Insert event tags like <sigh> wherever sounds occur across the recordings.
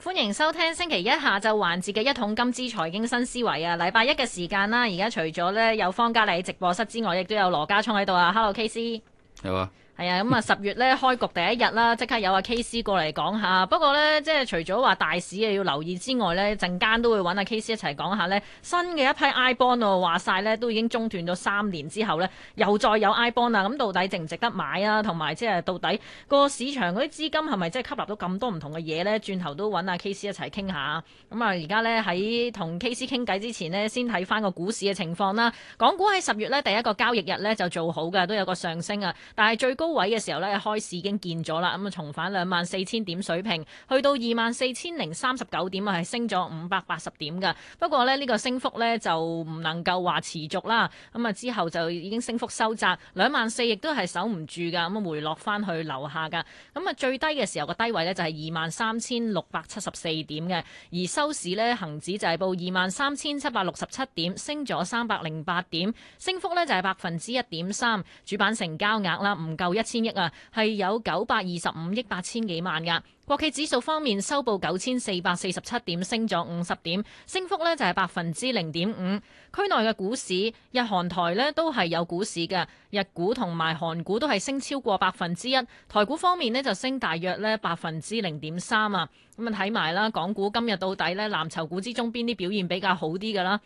歡迎收聽星期一下晝環節嘅一桶金之財經新思維啊！禮拜一嘅時間啦，而家除咗呢有方家麗喺直播室之外，亦都有羅家聰喺度啊！Hello，KC。有啊。係啊，咁啊十月咧開局第一日啦，即刻有阿 KC 過嚟講下。不過咧，即係除咗話大市要留意之外咧，陣間都會揾阿 KC 一齊講下咧新嘅一批 I bond 喎、哦，話曬咧都已經中斷咗三年之後咧，又再有 I bond 啊！咁到底值唔值得買啊？同埋即係到底個市場嗰啲資金係咪即係吸納到咁多唔同嘅嘢咧？轉頭都揾阿 KC 一齊傾下。咁、嗯、啊，而家咧喺同 KC 傾偈之前呢，先睇翻個股市嘅情況啦。港股喺十月咧第一個交易日咧就做好㗎，都有個上升啊，但係最高。高位嘅時候呢，開市已經見咗啦，咁啊，重返兩萬四千點水平，去到二萬四千零三十九點啊，係升咗五百八十點噶。不過呢，呢個升幅呢，就唔能夠話持續啦，咁啊之後就已經升幅收窄，兩萬四亦都係守唔住噶，咁啊回落翻去樓下噶。咁啊最低嘅時候個低位呢，就係二萬三千六百七十四點嘅，而收市呢，恒指就係報二萬三千七百六十七點，升咗三百零八點，升幅呢，就係百分之一點三。主板成交額啦，唔夠。一千億啊，係有九百二十五億八千幾萬噶。國企指數方面，收報九千四百四十七點，升咗五十點，升幅呢，就係百分之零點五。區內嘅股市，日韓台呢都係有股市嘅，日股同埋韓股都係升超過百分之一，台股方面呢就升大約呢百分之零點三啊。咁啊睇埋啦，港股今日到底呢，藍籌股之中邊啲表現比較好啲噶啦？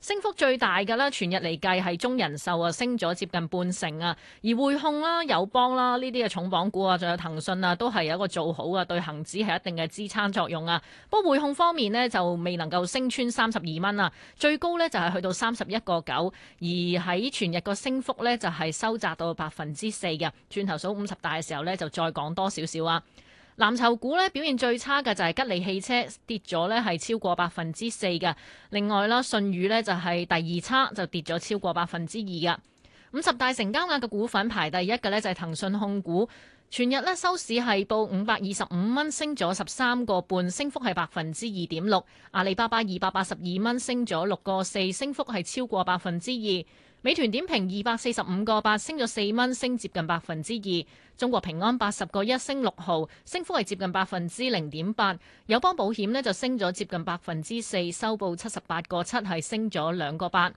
升幅最大嘅咧，全日嚟計係中人壽啊，升咗接近半成啊。而匯控啦、友邦啦呢啲嘅重磅股啊，仲有騰訊啊，都係有一個做好啊，對恒指係一定嘅支撐作用啊。不過匯控方面呢，就未能夠升穿三十二蚊啊，32, 最高呢就係去到三十一個九，9, 而喺全日個升幅呢，就係收窄到百分之四嘅。轉頭數五十大嘅時候呢，就再講多少少啊。藍籌股咧表現最差嘅，就係吉利汽車跌咗咧，係超過百分之四㗎。另外啦，信譽咧，就係第二差，就跌咗超過百分之二㗎。五十大成交額嘅股份排第一嘅咧，就係騰訊控股，全日咧收市係報五百二十五蚊，升咗十三個半，升幅係百分之二點六。阿里巴巴二百八十二蚊，升咗六個四，升幅係超過百分之二。美團點評二百四十五個八，升咗四蚊，升接近百分之二。中國平安八十個一升六毫，升幅係接近百分之零點八。友邦保險呢就升咗接近百分之四，收報七十八個七，係升咗兩個八。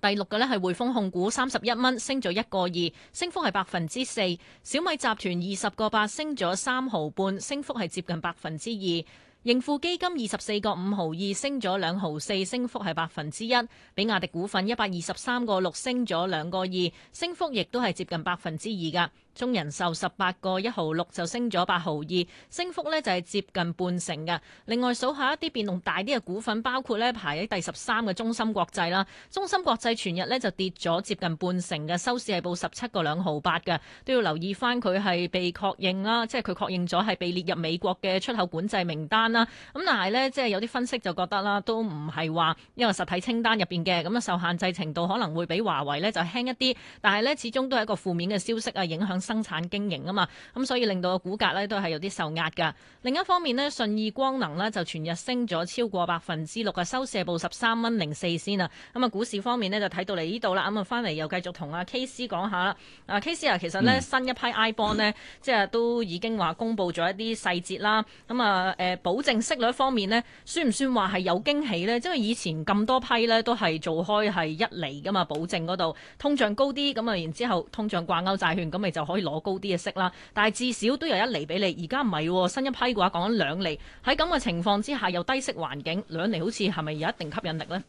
第六個呢係匯豐控股三十一蚊，升咗一個二，升幅係百分之四。小米集團二十個八升咗三毫半，升幅係接近百分之二。盈富基金二十四個五毫二升咗兩毫四，升幅係百分之一。比亞迪股份一百二十三個六升咗兩個二，升幅亦都係接近百分之二噶。中人壽十八個一毫六就升咗八毫二，升幅呢就係接近半成嘅。另外數下一啲變動大啲嘅股份，包括呢排喺第十三嘅中芯國際啦。中芯國際全日呢就跌咗接近半成嘅，收市係報十七個兩毫八嘅，都要留意返佢係被確認啦，即係佢確認咗係被列入美國嘅出口管制名單啦。咁但係呢，即係有啲分析就覺得啦，都唔係話因為實體清單入邊嘅，咁樣受限制程度可能會比華為呢就輕一啲，但係呢，始終都係一個負面嘅消息啊，影響。生產經營啊嘛，咁、嗯、所以令到個股價呢都係有啲受壓噶。另一方面呢，順意光能呢就全日升咗超過百分之六啊，收市報十三蚊零四先啊。咁、嗯、啊，股市方面呢，就睇到嚟呢度啦。咁、嗯、啊，翻嚟又繼續同阿 K C 講下啦。阿、啊、K C 啊，其實呢，新一批 I bond 呢，即係都已經話公布咗一啲細節啦。咁、嗯、啊誒、呃，保證息率方面呢，算唔算話係有驚喜呢？因為以前咁多批呢，都係做開係一釐噶嘛，保證嗰度通脹高啲，咁啊然之後，然後通脹掛鈎債券，咁咪就可。攞高啲嘅息啦，但係至少都有一厘俾你。而家唔係新一批嘅話，講緊兩厘。喺咁嘅情況之下，又低息環境，兩厘好似係咪有一定吸引力咧？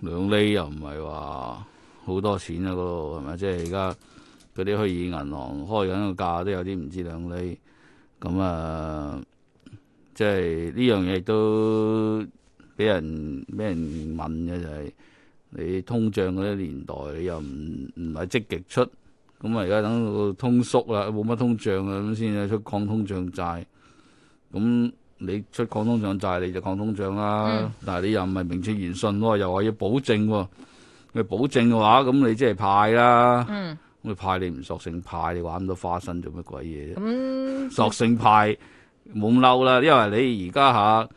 兩厘又唔係話好多錢咯，係咪？即係而家嗰啲虛擬銀行開緊個價都有啲唔止兩厘。咁啊，即係呢樣嘢都俾人俾人問嘅就係你通脹嗰啲年代，你又唔唔係積極出？咁啊！而家等到通縮啦，冇乜通脹啊，咁先至出抗通脹債。咁你出抗通脹債，你就抗通脹啦。嗯、但係你又唔係名正言順喎，又話要保證喎。你保證嘅話，咁你即係派啦。嗯，你派你唔索性派你玩咁多花生做乜鬼嘢啫？嗯、索性派冇咁嬲啦，因為你而家嚇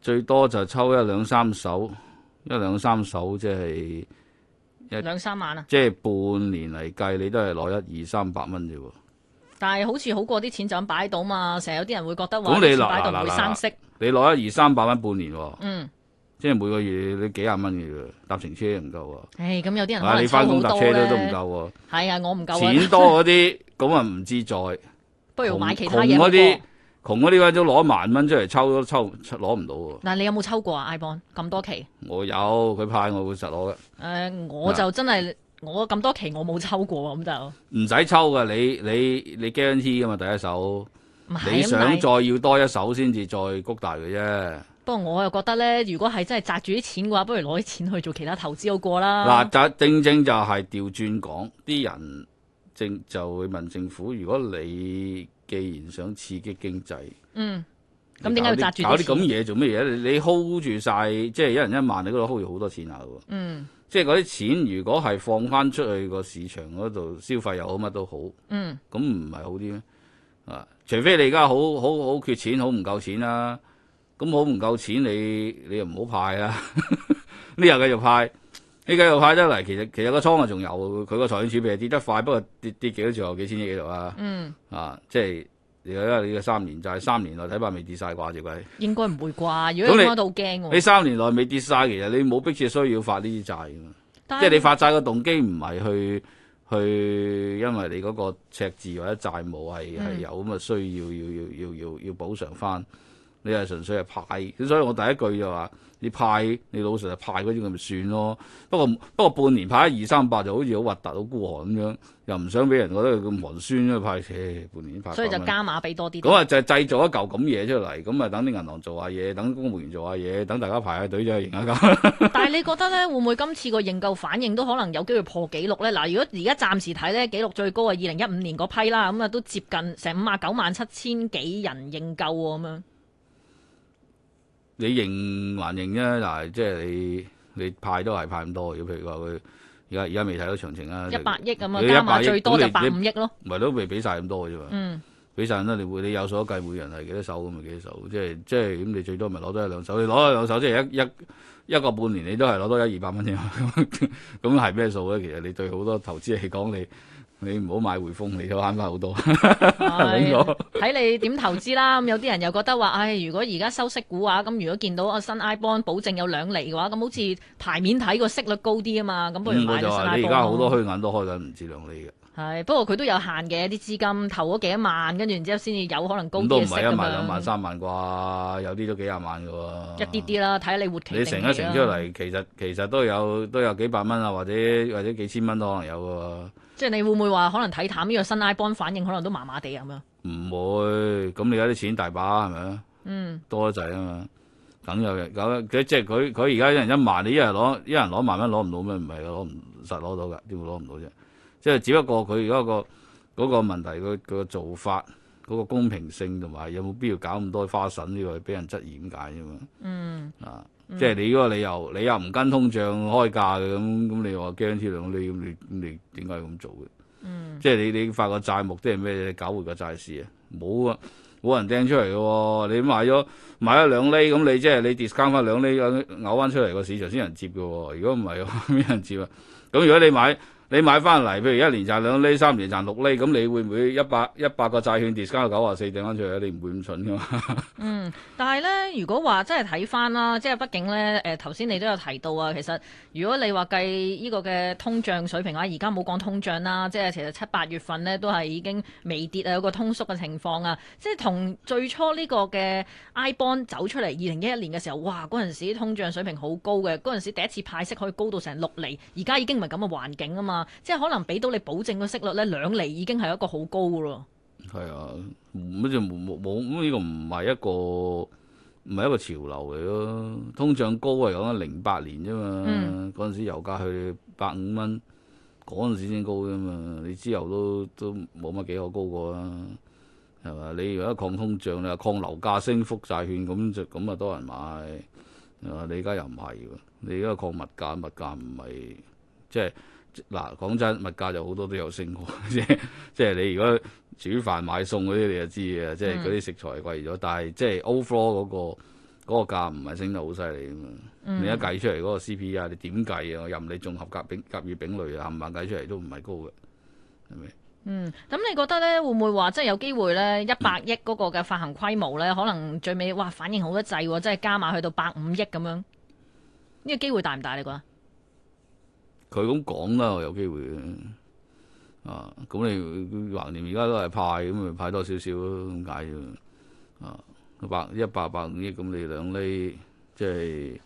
最多就抽一兩三手，一兩三手即係。兩三萬啊！即係半年嚟計，你都係攞一二三百蚊啫喎。但係好似好過啲錢就咁擺到嘛，成日有啲人會覺得話，咁你擺到會生息。你攞一二三百蚊半年，嗯，即係每個月你幾廿蚊嘅搭乘車唔夠喎。誒，咁有啲人你返工搭車可能好多咧，係啊，我唔夠。錢多嗰啲，咁啊唔自在。不如買其他嘢啲。窮嗰啲位都攞萬蚊出嚟抽都抽，攞唔到喎。嗱，你有冇抽過啊 iBond 咁多期？我有，佢派我會實攞嘅。誒、呃，我就真係、呃、我咁多期我冇抽過，咁就唔使抽噶。你你你 guarantee 噶嘛第一手，是你想再要多一手先至再谷大佢啫。不過我又覺得咧，如果係真係揸住啲錢嘅話，不如攞啲錢去做其他投資好過啦。嗱、呃，正正，正就係調轉講，啲人正，就會問，問政府，如果你。既然想刺激經濟，嗯，咁點解要搞啲咁嘢做乜嘢？你 hold 住晒，即係一人一萬，你嗰度 hold 住好多錢啊！喎，嗯，即係嗰啲錢，如果係放翻出去個市場嗰度消費又好，乜都好，嗯，咁唔係好啲咩？啊，除非你而家好好好缺錢，好唔夠錢啦、啊，咁好唔夠錢你，你你又唔好派啦！呢 <laughs> 日繼續派。呢幾日派得嚟，其實其實個倉啊仲有，佢個財政儲備係跌得快，不過跌跌幾多兆幾千億幾度啊？嗯，啊，即係而家你個三年債，三年內睇怕未跌晒啩？隻鬼應該唔會啩？如果跌咗驚喎！你三年內未跌晒，其實你冇迫切需要發呢啲債，是即係你發債嘅動機唔係去去，去因為你嗰個赤字或者債務係係、嗯、有咁嘅需要要要要要要，要補償翻。你係純粹係派，所以我第一句就話、是：你派你老實啊，派嗰啲咪算咯。不過不過半年派一二三百就好似好核突，好孤寒咁樣，又唔想俾人覺得咁寒酸啊！派半年，派，哎、派所以就加碼俾多啲。咁啊，就係製造一嚿咁嘢出嚟，咁啊等啲銀行做下嘢，等公務員做下嘢，等大家排下隊就係咁。 <laughs> 但係你覺得咧，會唔會今次個認購反應都可能有機會破紀錄咧？嗱，如果而家暫時睇咧，記錄最高啊，二零一五年嗰批啦，咁啊都接近成五啊九萬七千幾人認購喎，咁樣。你認還認啫，嗱，即係你你派都係派咁多，如果譬如話佢而家而家未睇到詳情啦，一百億咁啊，加埋億最多一百五億咯，唔係都未俾晒咁多嘅啫嘛，嗯，俾曬啦，你會你有數得計每人係幾多手咁咪幾多手，即係即係咁你最多咪攞多一兩手，你攞一兩手即係一一一,一個半年你都係攞多一二百蚊啫，咁係咩數咧？其實你對好多投資嚟講你，你唔好買匯豐，你都慳翻好多、 <laughs> 哎。睇 <laughs> 你點投資啦，咁有啲人又覺得話，唉、哎，如果而家收息股話，咁如果見到個新 iBond 保證有兩厘嘅話，咁好似牌面睇個息率高啲啊嘛，咁不如買咗新 iBond 而家好多虛銀都開緊唔止兩厘嘅。係，不過佢都有限嘅，啲資金投咗幾多萬，跟住然之後先至有可能高嘅，都唔係一萬兩萬三萬啩，有啲都幾廿萬噶喎。一啲啲啦，睇下你活期，你成一成出嚟，其實其實都有都有幾百蚊啊，或者或者幾千蚊都可能有噶。即係你會唔會話可能睇淡呢個新 iBond 反應，可能、這個、可能都麻麻地咁啊？唔會，咁你有啲錢大把係咪嗯。多得滯啊嘛，梗有嘅，搞即係佢佢而家一人一萬，你一人攞一人攞萬蚊攞唔到咩？唔係攞唔實攞到噶，點會攞唔到啫？即係只不過佢而家個嗰、那個問題，個做法嗰、那個公平性同埋有冇必要搞咁多花臣呢個俾人質疑點解啫嘛、嗯？嗯啊，即係你嗰個理由，你又唔跟通脹開價嘅咁，咁你話驚跳兩厘咁，你你點解咁做嘅？嗯、即係你你發個債目即係咩你搞回個債市啊！冇啊，冇人掟出嚟嘅喎。你買咗買咗兩厘咁，你即係你 discount 翻兩厘啊，咬翻出嚟個市場先有人接嘅喎、哦。如果唔係嘅話，咩人接啊？咁如果你買？你買翻嚟，譬如一年賺兩厘，三年賺六厘，咁你會唔會一百一百個債券 discount 到九啊四定翻出嚟？你唔會咁蠢噶嘛？嗯，但係呢，如果話真係睇翻啦，即係畢竟呢，誒頭先你都有提到啊，其實如果你話計呢個嘅通脹水平啊，而家冇講通脹啦，即係其實七八月份呢都係已經微跌啊，有個通縮嘅情況啊，即係同最初呢個嘅 iBond 走出嚟二零一一年嘅時候，哇嗰陣時通脹水平好高嘅，嗰陣時第一次派息可以高到成六厘，而家已經唔係咁嘅環境啊嘛～即係可能俾到你保證個息率咧，兩厘已經係一個好高嘅咯。係啊，乜就冇冇咁呢個唔係一個唔係一個潮流嚟咯。通脹高係講緊零八年啫嘛，嗰陣、嗯、時油價去百五蚊嗰陣時先高啫嘛。你之後都都冇乜幾可高過啦，係嘛？你如果抗通脹啦、抗樓價升幅，債券咁就咁啊，多人買啊。你而家又唔係，你而家抗物價，物價唔係即係。嗱，講真，物價就好多都有升過， <laughs> 即係即係你如果煮飯買餸嗰啲，你就知嘅，即係嗰啲食材貴咗。但係即係 overall 嗰個嗰個價唔係升得好犀利啊！嗯、你一計出嚟嗰個 CPI，你點計啊？我任你綜合格丙甲乙丙類啊，冚唪唥計出嚟都唔係高嘅，係咪？嗯，咁你覺得咧會唔會話即係有機會咧一百億嗰個嘅發行規模咧，嗯、可能最尾哇反應好得滯喎，即係加埋去到百五億咁樣，呢、呢個機會大唔大？你覺得？佢咁講啦，我有機會嘅，啊，咁你橫掂而家都係派，咁咪派多少少咯，咁解啫，啊，百一百百五億咁，你兩厘，即係。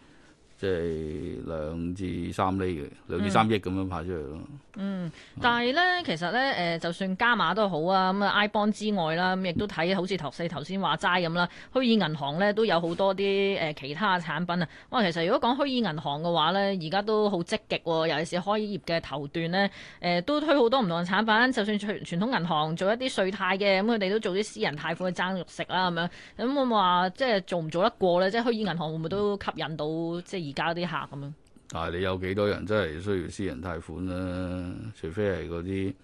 即係兩至三厘嘅，兩至三億咁樣派出去咯。嗯，但係呢，其實呢，誒，就算加碼都好啊。咁啊，iBond 之外啦，咁亦都睇好似頭四頭先話齋咁啦。虛擬銀行呢，都有好多啲誒其他產品啊。哇，其實如果講虛擬銀行嘅話呢，而家都好積極喎，尤其是開業嘅頭段呢，誒都推好多唔同嘅產品。就算傳傳統銀行做一啲稅貸嘅，咁佢哋都做啲私人貸款去爭肉食啦咁樣。咁會話即係做唔做得過呢？即係虛擬銀行會唔會都吸引到即？而家啲客咁樣，但係你有幾多人真係需要私人貸款咧、啊？除非係嗰啲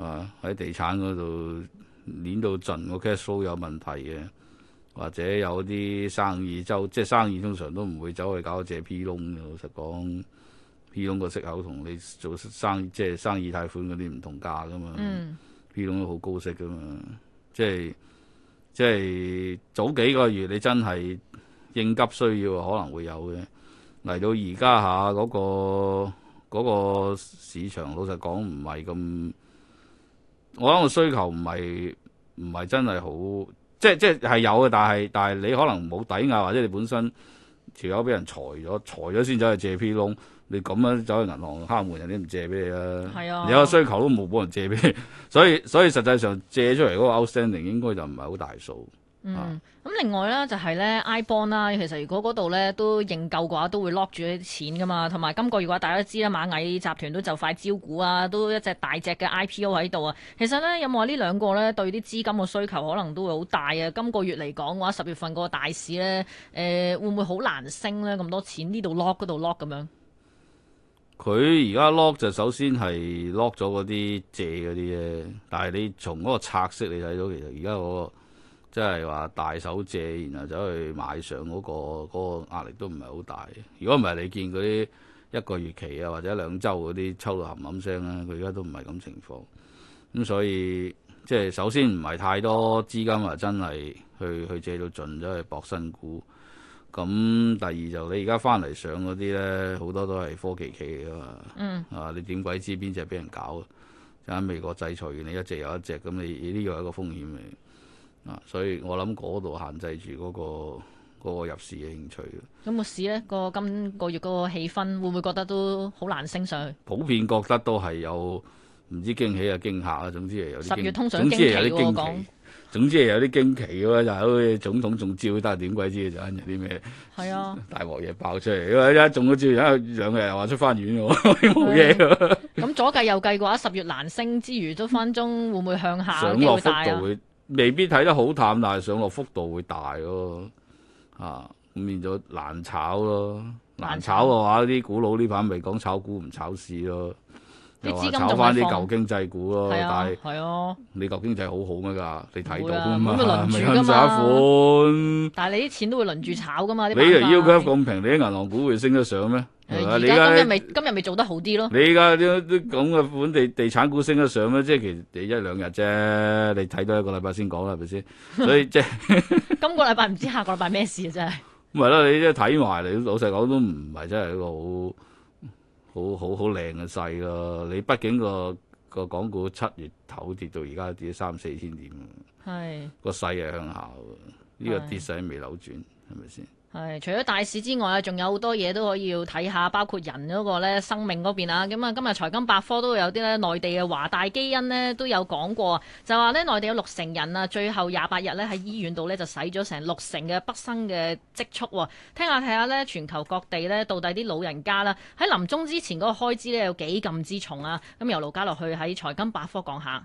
啊喺地產嗰度攣到盡個 cash flow 有問題嘅，或者有啲生意就即係生意通常都唔會走去搞借 P 窿嘅。老實講，P 窿個息口同你做生意即係生意貸款嗰啲唔同價噶嘛。嗯、P 窿都好高息噶嘛，即係即係早幾個月你真係應急需要可能會有嘅。嚟到而家嚇嗰個嗰個市場，老實講唔係咁，我諗個需求唔係唔係真係好，即係即係有嘅，但係但係你可能冇抵押，或者你本身條友俾人裁咗，裁咗先走去借 P 窿，你咁樣走去銀行敲門人哋唔借俾你啊，係啊，你有個需求都冇冇人借俾你，所以所以實際上借出嚟嗰個 outstanding 應該就唔係好大數。嗯，咁、嗯、另外咧就係、是、呢 iBond 啦，其實如果嗰度呢都認購嘅話，都會 lock 住啲錢噶嘛。同埋今個月嘅話，大家都知啦，螞蟻集團都就快招股啊，都一隻大隻嘅 I P O 喺度啊。其實呢，有冇話呢兩個呢？對啲資金嘅需求可能都會好大啊？今個月嚟講嘅話，十月份嗰個大市呢，誒、呃、會唔會好難升呢？咁多錢呢度 lock 嗰度 lock 咁樣？佢而家 lock 就首先係 lock 咗嗰啲借嗰啲啫，但係你從嗰個拆息你睇到，其實而家嗰即係話大手借，然後走去買上嗰、嗰個嗰、嗰個、壓力都唔係好大。如果唔係你見嗰啲一個月期啊，或者兩週嗰啲抽到冚冚聲咧、啊，佢而家都唔係咁情況。咁所以即係、就是、首先唔係太多資金啊，真係去去借到盡，走去博新股。咁第二就你而家翻嚟上嗰啲咧，好多都係科技企啊嘛。嗯啊，你點鬼知邊隻俾人搞，就喺美國制裁完，你一隻又一隻，咁你呢個係一個風險嚟。啊，所以我諗嗰度限制住嗰、嗰個、嗰個入市嘅興趣。咁個市咧，個今個月個氣氛會唔會覺得都好難升上去？普遍覺得都係有唔知驚喜啊驚嚇啊，總之係有啲十月通常驚奇喎講，總之係有啲驚奇嘅喎，就係總統中招，但係點鬼知就係啲咩？係啊，大鑊嘢爆出嚟，因為一中咗招，然後兩日又話出翻院嘅喎，冇嘢嘅。咁是、啊、 <laughs> 左計右計嘅話，十月難升之餘，都分鐘會唔會向下啲會大啊？ <laughs> 未必睇得好淡，但係上落幅度會大咯，啊咁變咗難炒咯，難炒嘅話啲股佬呢排咪講炒股唔炒市咯，又話炒翻啲舊經濟股咯，但係你舊經濟好好咩㗎？你睇到㗎嘛？咪趁炒款，但係你啲錢都會輪住炒㗎嘛？你而家 yield curve 咁平，你啲銀行股會升得上咩？你而的家今日咪的今日咪做得好啲咯？你而家啲啲咁嘅本地地產股升得上咩？即係其實你一兩日啫，你睇多一個禮拜先講啦，係咪先？ <laughs> 所以即係 <laughs> 今個禮拜唔知下個禮拜咩事啊！真係咁咪啦，你即係睇埋你老實講都唔係真係一個好好好好靚嘅勢咯。你畢竟嗰個、嗰個港股七月頭跌到而家跌咗三四千點，係個勢係向下，呢個跌勢未扭轉，係咪先？的的係除咗大市之外啊，仲有好多嘢都可以要睇下，包括人嗰個咧生命嗰邊啊。咁啊，今日財經百科都有啲咧內地嘅華大基因咧都有講過，就話咧內地有六成人啊，最後廿八日咧喺醫院度咧就使咗成六成嘅畢生嘅積蓄。聽下睇下咧全球各地咧到底啲老人家啦喺臨終之前嗰個開支咧有幾咁之重啊？咁由羅家聰落去喺財經百科講下。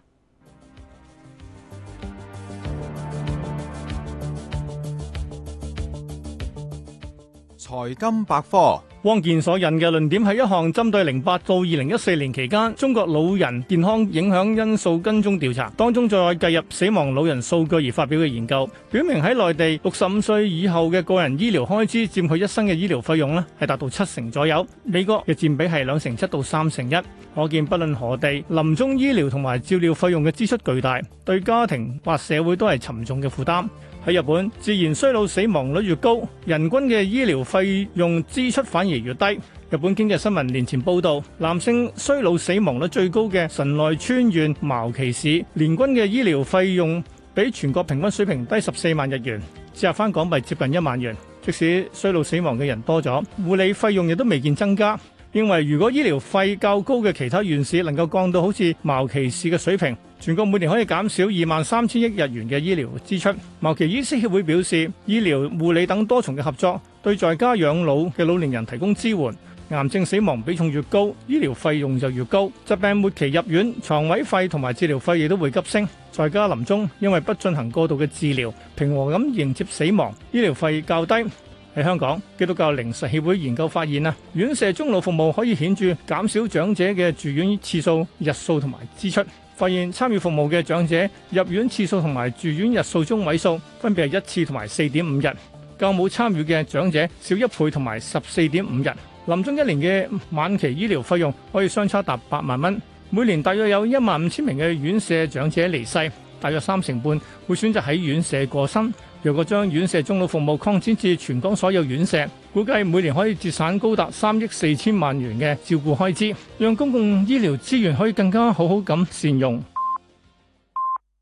財金百科，汪健所引嘅論點係一項針對零八到二零一四年期間中國老人健康影響因素跟蹤調查當中再計入死亡老人數據而發表嘅研究，表明喺內地六十五歲以後嘅個人醫療開支佔佢一生嘅醫療費用呢係達到七成左右，美國嘅佔比係兩成七到三成一，可見不論何地，臨終醫療同埋照料費用嘅支出巨大，對家庭或社會都係沉重嘅負擔。喺日本，自然衰老死亡率越高，人均嘅醫療費用支出反而越低。日本經濟新聞年前報道，男性衰老死亡率最高嘅神奈川縣茅崎市，年均嘅醫療費用比全國平均水平低十四萬日元，折合翻港幣接近一萬元。即使衰老死亡嘅人多咗，護理費用亦都未見增加。認為如果醫療費較高嘅其他縣市能夠降到好似茅崎市嘅水平，全國每年可以減少二萬三千億日元嘅醫療支出。茅崎醫師協會表示，醫療、護理等多重嘅合作，對在家養老嘅老年人提供支援。癌症死亡比重越高，醫療費用就越高。疾病末期入院，床位費同埋治療費亦都會急升。在家臨終，因為不進行過度嘅治療，平和咁迎接死亡，醫療費較低。喺香港，基督教靈實協會研究發現啊，院舍終老服務可以顯著減少長者嘅住院次數、日數同埋支出。發現參與服務嘅長者入院次數同埋住院日數中位數分別係一次同埋四點五日，較冇參與嘅長者少一倍同埋十四點五日。臨終一年嘅晚期醫療費用可以相差達八萬蚊。每年大約有一萬五千名嘅院舍長者離世，大約三成半會選擇喺院舍過身。若果將院舍終老服務擴展至全港所有院舍，估計每年可以節省高達三億四千萬元嘅照顧開支，讓公共醫療資源可以更加好好咁善用。